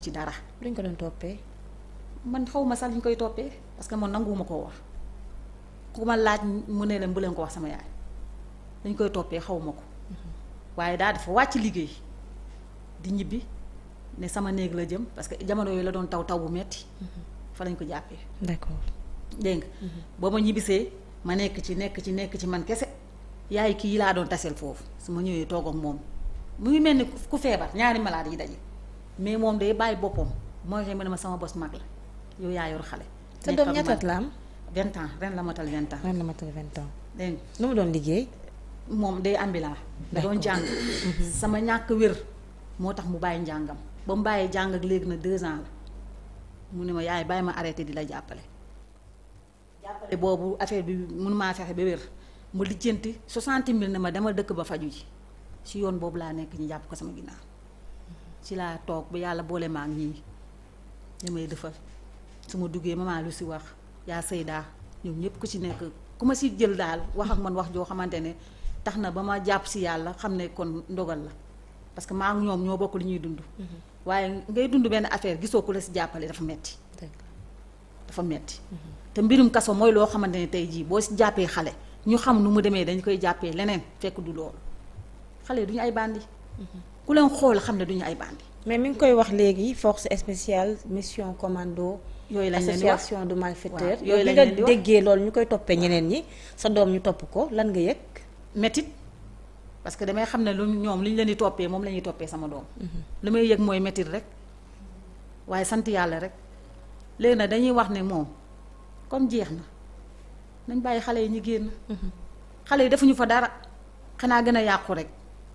ci dara. luñ ko doon toppee. man xaw ma sax liñ koy toppee parce que man nanguwuma koo wax ku ma laaj mu ne leen bu leen ko wax sama yaay dañ koy toppee xawuma ko mhm. waaye daa dafa wàcc liggéey di ñibbi ne sama néeg la jëm parce que jamono yooyu la doon taw taw bu metti mhm. fa lañ ko jàppee. d'accord dégg nga. Mhm. ma ñibbisee ma nekk ci nekk ci nekk ci man kese yaay kii laa doon taseel foofu su ma ñëwee toog moom mu ngi mel ni ku feebar ñaari malaat yi daje. mais moom day bàyyi boppam mooy que ne ma sama bos mag la yow yaa yor xale. sa doom ñaataat la am. ren la matal vingt ren la matal vingt ans. dégg nga lu mu doon liggéey. moom day ambulant. da doon jàng. Mhm. sama ñàkk wér moo tax mu bàyyi njàngam. ba mu bàyyi jàng ak léegi na deux ans la mu ne ma yaay bàyyi ma arrêté di la jàppale. jàppale boobu affaire bi mun maa fexe ba wér ma lijjanti soixante mille na ma dama dëkk ba faju yi ci yoon boobu laa nekk ñu jàpp ko sama ginnaaw. ci laa toog ba yàlla boole maak ñii ñu may defal su ma duggee maman lu si wax yaa Seyda ñoom ñëpp ku ci nekk ku ma si jël daal wax ak man wax joo xamante ne tax na ba ma jàpp si yàlla xam ne kon ndogal la parce que maa ñoom ñoo bokk li ñuy dund. Mm-hmm. waaye ngay dund benn affaire gisoo ko la si jàppale dafa metti dafa metti mm-hmm. te mbirum kaso mooy loo xamante ne tey jii boo si jàppee xale ñu xam nu mu demee dañ koy jàppee leneen fekk du loolu xale duñu ay bandi mm-hmm. ku leen xool xam ne duñu ay bandi mais mi ngi koy wax léegi force spéciale mission commando yooyu lañ leen di wax association de malfaiteurs yooyu lañ leen déggee loolu ñu koy toppee ñeneen ñi sa doom ñu topp ko lan nga yëg métit parce que damay xam ne lu ñoom li ñu leen di toppee moom la ñuy toppee sama doom mhm. lu may yëg mooy métit rek waaye sant yàlla rek léegi nag dañuy wax ne moom comme jeex na nañ bàyyi xale yi ñu génn mhm. xale yi defuñu fa dara xanaa gën a yàqu rek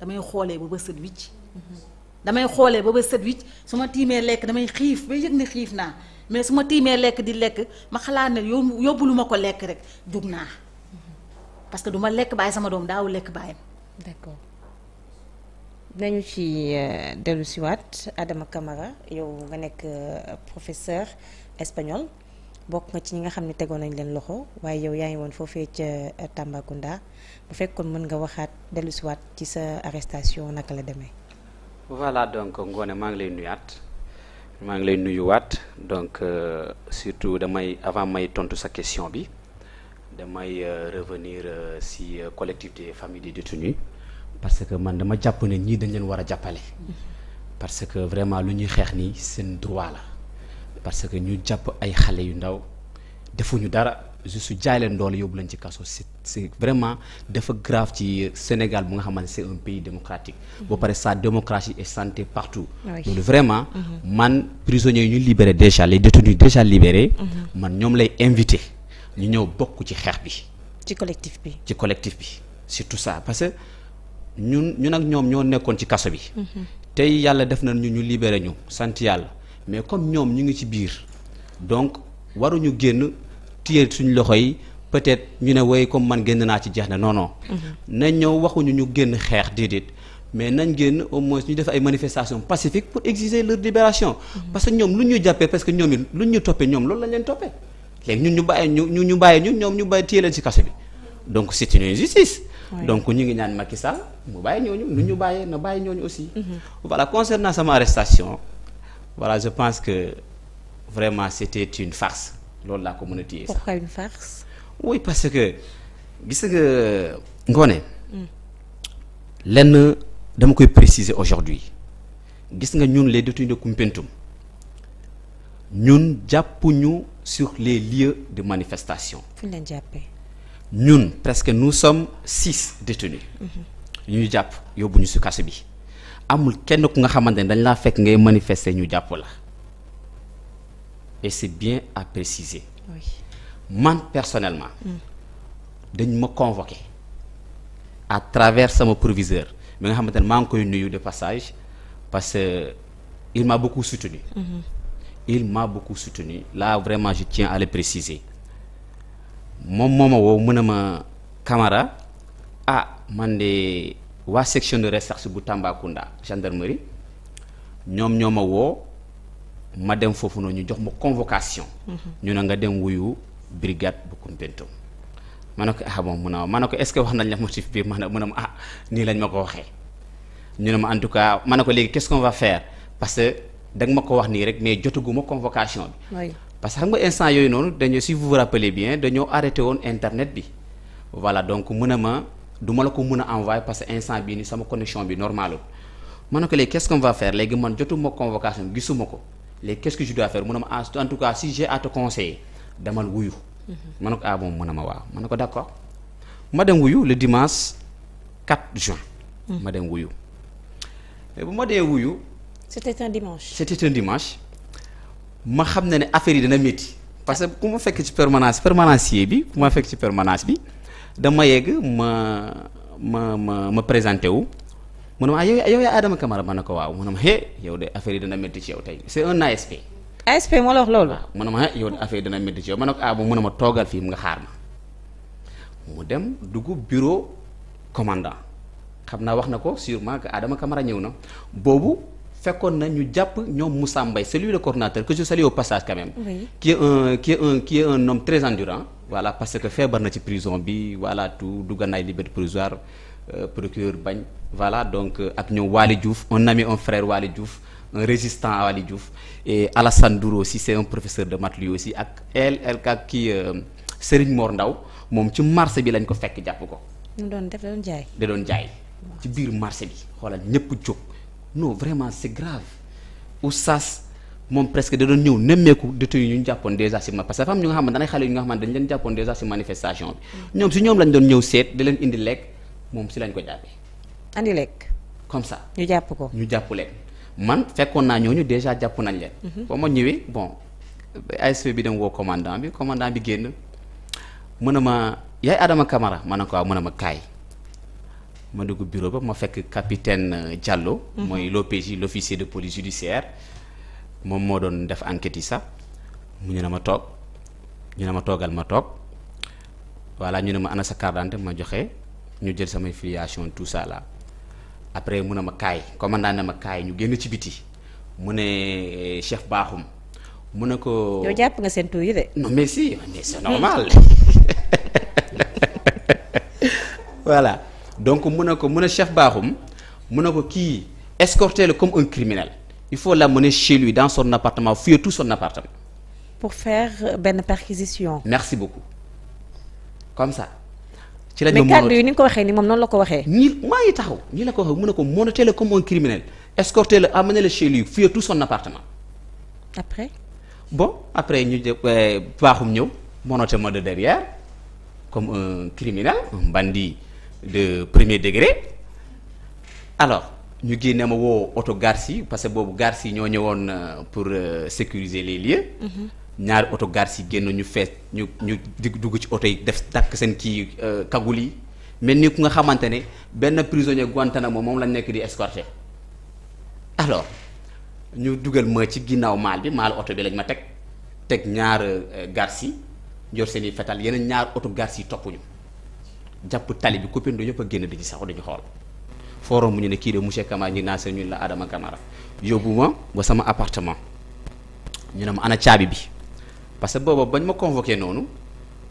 damay xoolee ba ba sët wicc damay xoolee ba ba sët wicc su ma tiimee lekk damay xiif ba yëg ne xiif naa mais su ma tiimee lekk di lekk ma xalaat ne yóbbu lu ma ko lekk rek jug naa parce que du lekk bàyyi sama doom daaw lekk bàyyam d'accord nañu ci euh, dellu siwaat Adama Camara yow nga nekk euh, professeur espagnol bokk nga ci ñi nga xam ne tegoon nañ leen loxo waaye yow yaa ngi woon foofee ca euh, Tambacounda bu fekkoon mën nga waxaat dellusiwaat ci sa arrestation naka la demee. voilà donc Ngoné maa ngi lay nuyaat maa ngi lay nuyuwaat donc euh, surtout damay avant may tontu sa question bi damay euh, revenir si collectif des familles des détenus parce que man dama jàpp ne ñii dañ leen war a jàppale. Mm-hmm. parce que vraiment lu ñuy xeex nii seen droit la. parce que ñu jàpp ay xale yu ndaw defuñu dara juste jaay leen doole yóbbu leen ci kaso c'est c'est vraiment dafa grave ci Sénégal bu nga xamante c'est un pays démocratique. Mm-hmm. ba pare sa démocratie et santé partout. Oui. donc vraiment. Mm-hmm. man prisonniers yi ñu libéré déjà les détenus déjà libérés. Mm-hmm. man ñoom lay invité ñu ñëw bokk ci xeex bi. ci collectif bi ci collectif bi surtout ça parce que ñun ñu ak ñoom ñoo nekkoon ci kaso bi. tey yàlla def na ñu ñu libéré ñu sant yàlla. mais comme ñoom ñu ngi ci biir donc waruñu génn téye suñu loxo yi peut-être ñu ne way comme man génn naa ci jeex na non non. Mm-hmm. nañ ñëw waxuñu ñu génn xeex déedéet. mais nañ génn au moins ñu def ay manifestation pacifiques pour exiger leur libération. Mm-hmm. parce que ñoom lu ñu jàppee parce que ñoom it lu ñu toppee ñoom loolu lañ leen toppee. léegi ñu ñu bàyyi ñu ñu ñu bàyyi ñun ñoom ñu bàyyi téye leen ci kaso bi donc c'est une injustice. donc ñu ngi ñaan Macky Sall mu bàyyi ñooñu lu ñu bàyyee na bàyyi ñooñu aussi. Mm-hmm. voilà concernant sama arrestation. voilà je pense que vraiment c'était une farce loolu laa ko mën a téye sax. pourquoi une farce. parce que gis nga ngoone. Hmm. lenn dama koy préciser aujourd'hui gis nga ñun les détenus de Koumpentoum ñun jàppuñu sur les lieux de manifestation. fu ñu leen jàppee. ñun presque nous sommes six détenus. Hmm. ñu jàpp yóbbu ñu si kaso bi. amul kenn ku nga xamante ne dañ laa fekk ngay manifester ñu jàpp la et c'est bien à préciser man personnellement dañ ma convoqué à travers sama proviseur mi nga xamante ne maa ngi koy nuyu de passage parce que il m'a beaucoup soutenu mmh. il m'a beaucoup soutenu là vraiment je tiens à le préciser moom moo ma woo mën a ma Camara ah man de waa section de recherche bu Tambacounda gendarmerie ñoom ñoo ma woo ma dem foofu noonu ñu jox ma convocation. Mhm. ñu ne nga dem wuyu brigade bu Koumpentoum ma ne ko ah moom mun a ma ne ko est-ce que wax nañ la motif bi ma ne ma ne ah nii lañ ma ko waxee. ñu ne ma en tout cas man ne ko léegi qu'est-ce qu'on va que da ma ko wax nii rek mais jotaguma convocation bi. parce que xam nga instant yooyu noonu dañoo si vous vous bien dañoo arrêté woon internet bi. voilà donc mun du ma la ko mën a envoyé parce que instant bii nii sama connexion bi normalul ma ne ko léegi qu'est-ce va faire léegi man jotuma convocation gisuma ko léegi qu'est-ce que je dois faire mu ne ma ah, en tout cas si j'ai à te demal wuyu mhm. ma ne ko ah bon mu ne ma waaw ma ne ko d'accord ma dem wuyu le dimanche 4 juin mhm. ma dem wuyu mais bu ma xam na ne affaire yi dana métti parce que ku ma fekk ci permanence permanence bi ku ma fekk ci permanence bi dama yegg ma ma ma ma présenté wu mu ne ma ah yow yow yaa Adama Camara ma na ko waaw mun ne ma hé yow de affaire yi dana métti ci yow tey a un ASP. la ma hé yow affaire dana métti ci yow ma ne ko ah mu ne ma toogal fii mu nga xaar ma mu dem dugub bureau commandant xam naa wax na ko sûrement que Adama Camara ñëw na boobu. fekkoon na ñu jàpp ñoom Moussa Mbaye c'est lui le coordonnateur que je salue au passage quand même. oui qui est un qui est endurant. voilà parce que feebar na ci prison bi voilà tout dugg naay liberté provisoire euh, procureur bañ voilà donc euh, ak ñoom Waly Diouf un ami un frère Waly Diouf. un résistant à Waly Diouf et Alassane Douro aussi professeur de maths lui aussi ak el el ak kii euh, Serigne Mor Ndaw moom ci marché bi lañ ko fekk jàpp ko. def da doon jaay. da doon jaay ci biir marché bi xoolal no vraiment c' est grave oustaz moom presque da doon ñëw nemmeeku détenu ñu ñu jàppoon dèjà si ma parce que dafa am ñu nga xamante ne xale yu ñu nga xamante dañ leen jàppoon dèjà si manifestation bi mm. ñoom si ñoom lañ doon ñëw seet di leen indi lekk moom si lañ ko jàppee. andi lekk. comme ça ñu jàpp ko ñu jàpp leen man fekkoon naa ñooñu dèjà jàpp nañ leen. Mm-hmm. ba ma ñëwee bon ASP bi dem woo commandant bi commandant bi génn mën na ma yaay Adama Camara ma ne ko waaw mën na ma kaay. ma dugg bureau ba ma fekk capitaine euh, Diallo. Mhm. mooy l'OPJ l'officier de police judiciaire moom moo doon def enquête yi sax mu ñu ne ma toog ñu ne ma toogal ma toog voilà ñu ne ma ana sa carte ma joxe ñu jël samay filiation tout ça après mu ne ma kaay commandant ne ma kaay ñu génn ci biti mu ne euh, chef baaxum mu ne ko. yow jàpp nga seen tur de. non mais si mais hmm. normal voilà. donc mu ne ko mun ne chef baaxum mu ne ko kii escorter le comme un criminel il faut l'amener chez lui dans son appartement fouiller tout son appartement. pour faire euh, benn perquisition. merci beaucoup comme ça. ci la ñu mais kàddu yi ni ko waxee ni moom noonu la ko waxee. nii maa ngi taxaw nii la ko waxee mu ne ko monoteel le comme un criminel escorter le amener le chez lui fouiller tout son appartement. après. bon après ñu jë euh, baaxum ñëw monote ma de derrière comme un criminel un de premier degré alors ñu génne ma woo oto garci parce que boobu garci ñoo ñëwoon euh, pour euh, sécuriser les lieux mhm. ñaari oto garci génn ñu fees ñu ñu dugg ci oto yi def takk seen kii euh, kagul yi mel ni ku nga xamante ne benn prisonnier Guantanamo moom lañ nekk di escorter alors ñu dugal ma ci ginnaaw maal bi maal oto bi lañ ma teg teg ñaar garci yor seen i fetal yeneen ñaar oto garci toppuñu jàpp tali bi copindo yëpp a génn di ci saxu dañu xool forum mu ñu ne kii de monsieur Camara ñi naa seen ñu la Adama Camara yóbbu ma ba sama apartement ñu ne ma ana caabi bi parce que booba bañ ma convoqué noonu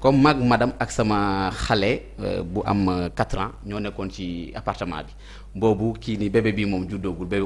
comme mag madame ak sama xale euh, bu am 4 ans ñoo nekkoon ci appartement bi boobu kii ni bébé bi moom juddoogul bébé